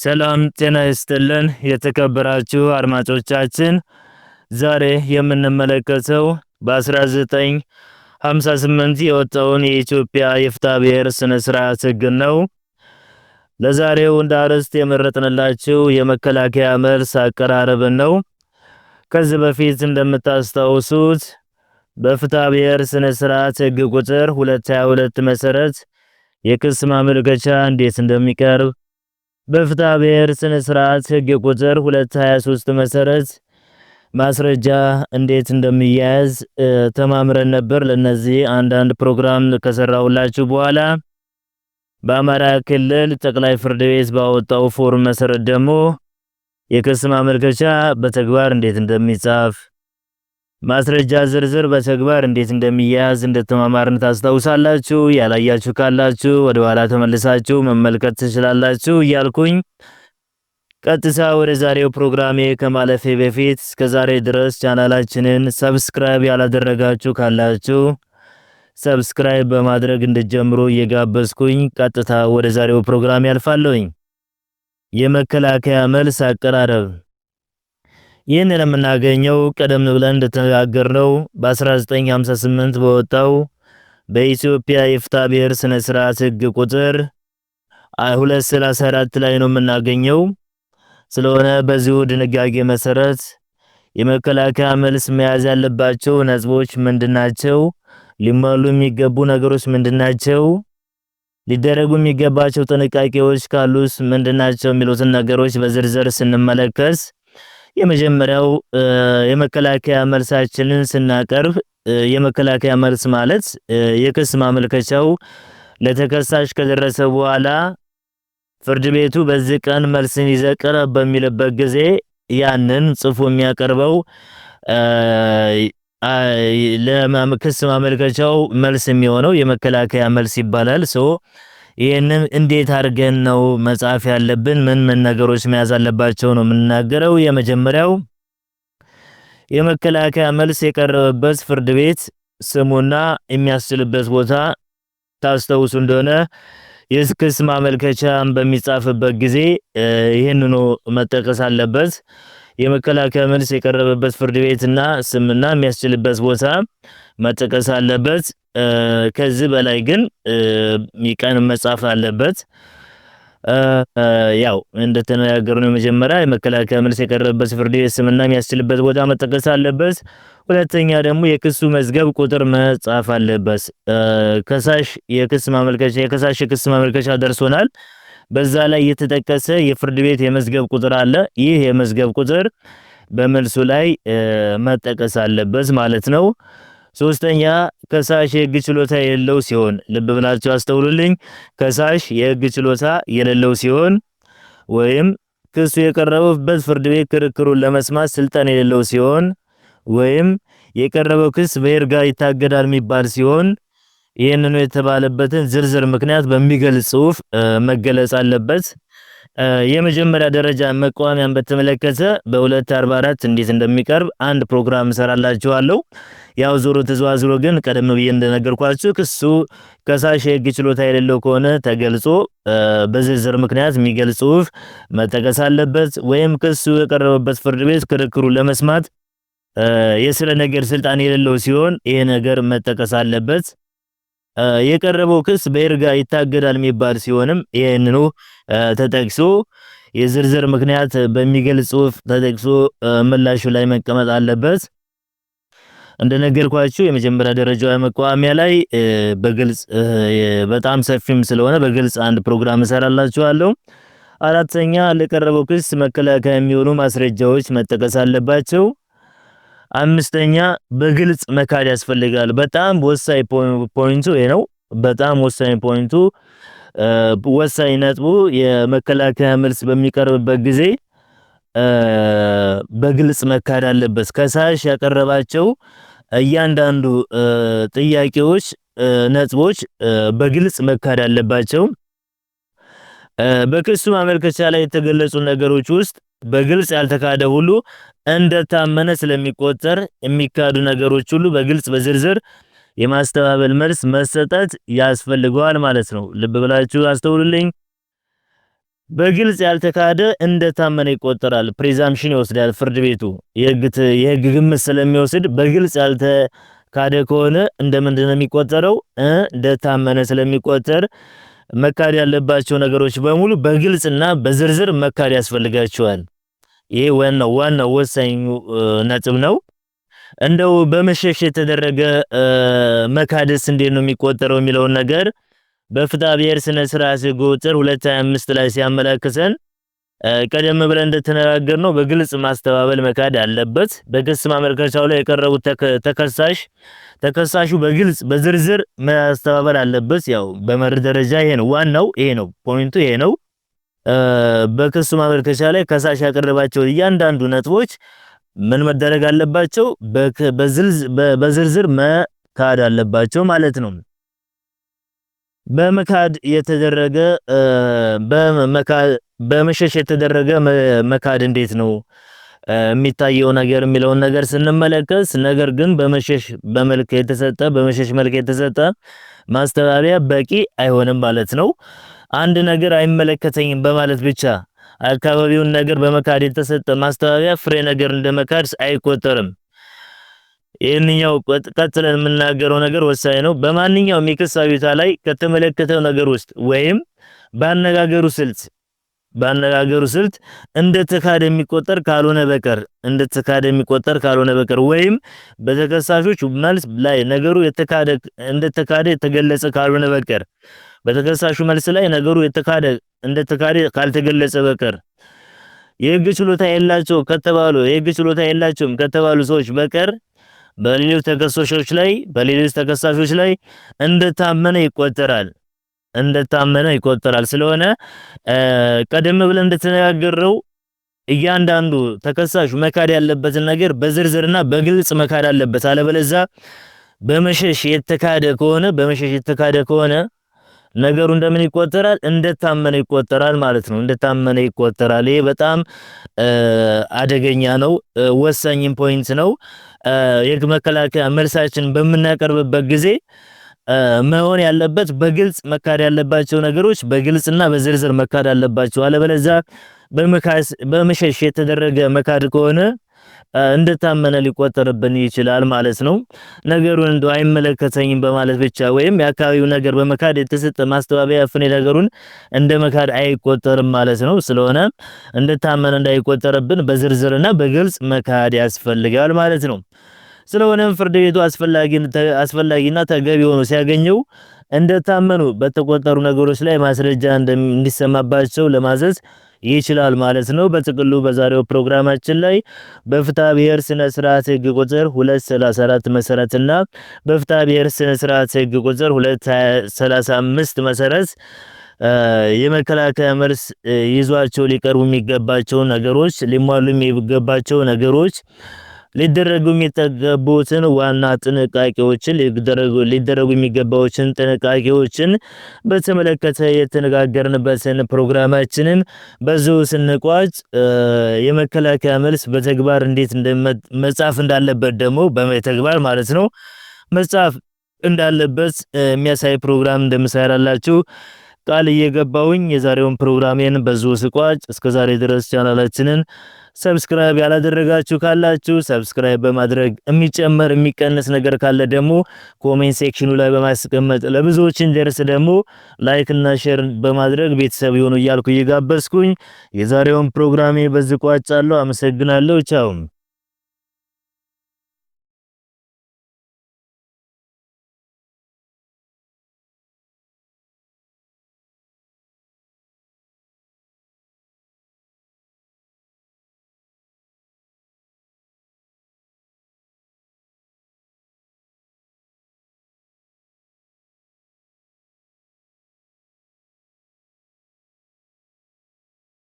ሰላም ጤና ይስጥልን የተከበራችሁ አድማጮቻችን፣ ዛሬ የምንመለከተው በ1958 የወጣውን የኢትዮጵያ የፍትሐ ብሔር ስነ ስርዓት ህግ ነው። ለዛሬው እንደ አርዕስት የመረጥንላችሁ የመከላከያ መልስ አቀራረብን ነው። ከዚህ በፊት እንደምታስታውሱት በፍትሐ ብሔር ስነ ስርዓት ህግ ቁጥር 222 መሰረት የክስ ማመልከቻ እንዴት እንደሚቀርብ በፍትሐ ብሔር ስነ ስርዓት ህግ ቁጥር 223 መሰረት ማስረጃ እንዴት እንደሚያያዝ ተማምረን ነበር። ለነዚህ አንዳንድ ፕሮግራም ከሰራሁላችሁ በኋላ በአማራ ክልል ጠቅላይ ፍርድ ቤት ባወጣው ፎርም መሰረት ደግሞ የክስ ማመልከቻ በተግባር እንዴት እንደሚጻፍ ማስረጃ ዝርዝር በተግባር እንዴት እንደሚያያዝ እንደተማማርን ታስታውሳላችሁ። ያላያችሁ ካላችሁ ወደ ኋላ ተመልሳችሁ መመልከት ትችላላችሁ እያልኩኝ ቀጥታ ወደ ዛሬው ፕሮግራሜ ከማለፌ በፊት እስከዛሬ ድረስ ቻናላችንን ሰብስክራይብ ያላደረጋችሁ ካላችሁ ሰብስክራይብ በማድረግ እንድጀምሩ እየጋበዝኩኝ ቀጥታ ወደ ዛሬው ፕሮግራም ያልፋለሁኝ። የመከላከያ መልስ አቀራረብ ይህን የምናገኘው ቀደም ብለን እንደተነጋገርነው በ1958 በወጣው በኢትዮጵያ የፍታ ብሔር ስነ ስርዓት ህግ ቁጥር 234 ላይ ነው የምናገኘው። ስለሆነ በዚሁ ድንጋጌ መሰረት የመከላከያ መልስ መያዝ ያለባቸው ነጥቦች ምንድናቸው? ሊሟሉ የሚገቡ ነገሮች ምንድናቸው? ሊደረጉ የሚገባቸው ጥንቃቄዎች ካሉስ ምንድናቸው? የሚሉትን ነገሮች በዝርዝር ስንመለከት የመጀመሪያው የመከላከያ መልሳችንን ስናቀርብ የመከላከያ መልስ ማለት የክስ ማመልከቻው ለተከሳሽ ከደረሰ በኋላ ፍርድ ቤቱ በዚህ ቀን መልስን ይዘህ በሚልበት ጊዜ ያንን ጽፎ የሚያቀርበው ለክስ ማመልከቻው መልስ የሚሆነው የመከላከያ መልስ ይባላል። ይህንም እንዴት አድርገን ነው መጻፍ ያለብን? ምን ምን ነገሮች መያዝ አለባቸው ነው የምንናገረው። የመጀመሪያው የመከላከያ መልስ የቀረበበት ፍርድ ቤት ስሙና የሚያስችልበት ቦታ ታስተውሱ እንደሆነ የክስ ማመልከቻን በሚጻፍበት ጊዜ ይህንኑ መጠቀስ አለበት። የመከላከያ መልስ የቀረበበት ፍርድ ቤትና ስምና የሚያስችልበት ቦታ መጠቀስ አለበት። ከዚህ በላይ ግን ሚቀን መጻፍ አለበት። ያው እንደተነጋገርነው መጀመሪያ የመከላከያ መልስ የቀረበበት ፍርድ ቤት ስምና የሚያስችልበት ቦታ መጠቀስ አለበት። ሁለተኛ ደግሞ የክሱ መዝገብ ቁጥር መጻፍ አለበት። ከሳሽ የክስ ማመልከቻ የከሳሽ የክስ ማመልከቻ ደርሶናል። በዛ ላይ የተጠቀሰ የፍርድ ቤት የመዝገብ ቁጥር አለ። ይህ የመዝገብ ቁጥር በመልሱ ላይ መጠቀስ አለበት ማለት ነው። ሶስተኛ ከሳሽ የህግ ችሎታ የሌለው ሲሆን፣ ልብ ብላችሁ አስተውሉልኝ። ከሳሽ የህግ ችሎታ የሌለው ሲሆን ወይም ክሱ የቀረበበት ፍርድ ቤት ክርክሩን ለመስማት ስልጣን የሌለው ሲሆን ወይም የቀረበው ክስ በይርጋ ይታገዳል የሚባል ሲሆን ይህንኑ የተባለበትን ዝርዝር ምክንያት በሚገልጽ ጽሁፍ መገለጽ አለበት። የመጀመሪያ ደረጃ መቃወሚያን በተመለከተ በ244 እንዴት እንደሚቀርብ አንድ ፕሮግራም እሰራላችኋለሁ። ያው ዞሮ ተዘዋዝሮ ግን ቀደም ብዬ እንደነገርኳችሁ ክሱ ከሳሽ የህግ ችሎታ የሌለው ከሆነ ተገልጾ በዝርዝር ምክንያት የሚገልጽ ጽሁፍ መጠቀስ አለበት። ወይም ክሱ የቀረበበት ፍርድ ቤት ክርክሩ ለመስማት የስለ ነገር ስልጣን የሌለው ሲሆን ይሄ ነገር መጠቀስ አለበት። የቀረበው ክስ በይርጋ ይታገዳል የሚባል ሲሆንም ይህንኑ ተጠቅሶ የዝርዝር ምክንያት በሚገልጽ ጽሁፍ ተጠቅሶ ምላሹ ላይ መቀመጥ አለበት። እንደነገርኳችሁ የመጀመሪያ ደረጃ መቃወሚያ ላይ በግልጽ በጣም ሰፊም ስለሆነ በግልጽ አንድ ፕሮግራም እሰራላችኋለሁ። አራተኛ ለቀረበው ክስ መከላከያ የሚሆኑ ማስረጃዎች መጠቀስ አለባቸው። አምስተኛ በግልጽ መካድ ያስፈልጋል። በጣም ወሳኝ ፖይንቱ ይሄ ነው። በጣም ወሳኝ ፖይንቱ ወሳኝ ነጥቡ የመከላከያ መልስ በሚቀርብበት ጊዜ በግልጽ መካድ አለበት። ከሳሽ ያቀረባቸው እያንዳንዱ ጥያቄዎች፣ ነጥቦች በግልጽ መካድ አለባቸው። በክሱ ማመልከቻ ላይ የተገለጹ ነገሮች ውስጥ በግልጽ ያልተካደ ሁሉ እንደታመነ ስለሚቆጠር የሚካዱ ነገሮች ሁሉ በግልጽ በዝርዝር የማስተባበል መልስ መሰጠት ያስፈልገዋል ማለት ነው። ልብ ብላችሁ አስተውሉልኝ። በግልጽ ያልተካደ እንደታመነ ይቆጠራል። ፕሪዛምፕሽን ይወስዳል ፍርድ ቤቱ የህግ ግምት ስለሚወስድ በግልጽ ያልተካደ ከሆነ እንደምንድን ነው የሚቆጠረው? እንደታመነ ስለሚቆጠር መካድ ያለባቸው ነገሮች በሙሉ በግልጽና በዝርዝር መካድ ያስፈልጋቸዋል። ይህ ዋናው ዋናው ወሳኙ ነጥብ ነው። እንደው በመሸሽ የተደረገ መካደስ እንዴት ነው የሚቆጠረው የሚለውን ነገር በፍትሐ ብሔር ስነ ስርዓት ቁጥር 225 ላይ ሲያመላክተን ቀደም ብለን እንደተነጋገር ነው በግልጽ ማስተባበል መካድ አለበት። በክስ ማመልከቻው ላይ የቀረቡት ተከሳሽ ተከሳሹ በግልጽ በዝርዝር ማስተባበል አለበት። ያው በመርህ ደረጃ ይሄ ነው ዋናው፣ ይሄ ነው ፖይንቱ፣ ይሄ ነው። በክሱ ማመልከቻ ላይ ከሳሽ ያቀረባቸውን እያንዳንዱ ነጥቦች ምን መደረግ አለባቸው? በዝርዝር መካድ አለባቸው ማለት ነው። በመካድ የተደረገ በመሸሽ የተደረገ መካድ እንዴት ነው? የሚታየው ነገር የሚለውን ነገር ስንመለከት ነገር ግን በመሸሽ በመልክ የተሰጠ በመሸሽ መልክ የተሰጠ ማስተባበያ በቂ አይሆንም ማለት ነው። አንድ ነገር አይመለከተኝም በማለት ብቻ አካባቢውን ነገር በመካድ የተሰጠ ማስተባበያ ፍሬ ነገር እንደመካድ አይቆጠርም። ይህንኛው ቀጥለን የምናገረው ነገር ወሳኝ ነው። በማንኛውም የክስ አቤቱታ ላይ ከተመለከተው ነገር ውስጥ ወይም በአነጋገሩ ስልት በአነጋገሩ ስልት እንደ ተካደ የሚቆጠር ካልሆነ በቀር እንደ ተካደ የሚቆጠር ካልሆነ በቀር ወይም በተከሳሾች መልስ ላይ ነገሩ የተካደ እንደ ተካደ የተገለጸ ካልሆነ በቀር በተከሳሹ መልስ ላይ ነገሩ የተካደ እንደ ተካደ ካልተገለጸ በቀር የህግ ችሎታ የላቸው ከተባሉ የህግ ችሎታ የላቸውም ከተባሉ ሰዎች በቀር በሌሎች ተከሳሾች ላይ በሌሎች ተከሳሾች ላይ እንደታመነ ይቆጠራል። እንደታመነ ይቆጠራል። ስለሆነ ቀደም ብለን እንደተነጋገረው እያንዳንዱ ተከሳሹ መካድ ያለበትን ነገር በዝርዝርና በግልጽ መካድ አለበት። አለበለዛ በመሸሽ የተካደ ከሆነ በመሸሽ የተካደ ከሆነ ነገሩ እንደምን ይቆጠራል? እንደታመነ ይቆጠራል ማለት ነው። እንደታመነ ይቆጠራል። ይሄ በጣም አደገኛ ነው። ወሳኝ ፖይንት ነው። መከላከያ መልሳችን በምናቀርብበት ጊዜ መሆን ያለበት በግልጽ መካድ ያለባቸው ነገሮች በግልጽና በዝርዝር መካድ አለባቸው። አለበለዚያ በመሸሽ የተደረገ መካድ ከሆነ እንደታመነ ሊቆጠርብን ይችላል ማለት ነው። ነገሩን እንደ አይመለከተኝም በማለት ብቻ ወይም የአካባቢው ነገር በመካድ የተሰጠ ማስተባበያ ፍኔ ነገሩን እንደ መካድ አይቆጠርም ማለት ነው። ስለሆነ እንደታመነ እንዳይቆጠርብን በዝርዝርና በግልጽ መካድ ያስፈልጋል ማለት ነው። ስለሆነም ፍርድ ቤቱ አስፈላጊና ተገቢ ሆኖ ሲያገኘው እንደታመኑ በተቆጠሩ ነገሮች ላይ ማስረጃ እንዲሰማባቸው ለማዘዝ ይችላል ማለት ነው። በጥቅሉ በዛሬው ፕሮግራማችን ላይ በፍትሐ ብሔር ስነ ስርዓት ህግ ቁጥር 234 መሰረትና በፍትሐ ብሔር ስነ ስርዓት ህግ ቁጥር 235 መሰረት የመከላከያ መልስ ይዟቸው ሊቀርቡ የሚገባቸው ነገሮች ሊሟሉ የሚገባቸው ነገሮች ሊደረጉ የሚጠገቡትን ዋና ጥንቃቄዎችን ሊደረጉ የሚገባዎችን ጥንቃቄዎችን በተመለከተ የተነጋገርንበትን ፕሮግራማችንን በዙ ስንቋጭ የመከላከያ መልስ በተግባር እንዴት መጻፍ እንዳለበት ደግሞ በተግባር ማለት ነው መጻፍ እንዳለበት የሚያሳይ ፕሮግራም እንደምሰራላችሁ ቃል እየገባውኝ የዛሬውን ፕሮግራሜን በዚሁ ስቋጭ። እስከዛሬ ድረስ ቻናላችንን ሰብስክራይብ ያላደረጋችሁ ካላችሁ ሰብስክራይብ በማድረግ የሚጨመር የሚቀንስ ነገር ካለ ደግሞ ኮሜንት ሴክሽኑ ላይ በማስቀመጥ ለብዙዎችን ደርስ ደግሞ ላይክ እና ሼር በማድረግ ቤተሰብ ይሆኑ እያልኩ እየጋበዝኩኝ የዛሬውን ፕሮግራሜ በዚህ ቋጫለሁ። አመሰግናለሁ። ቻውም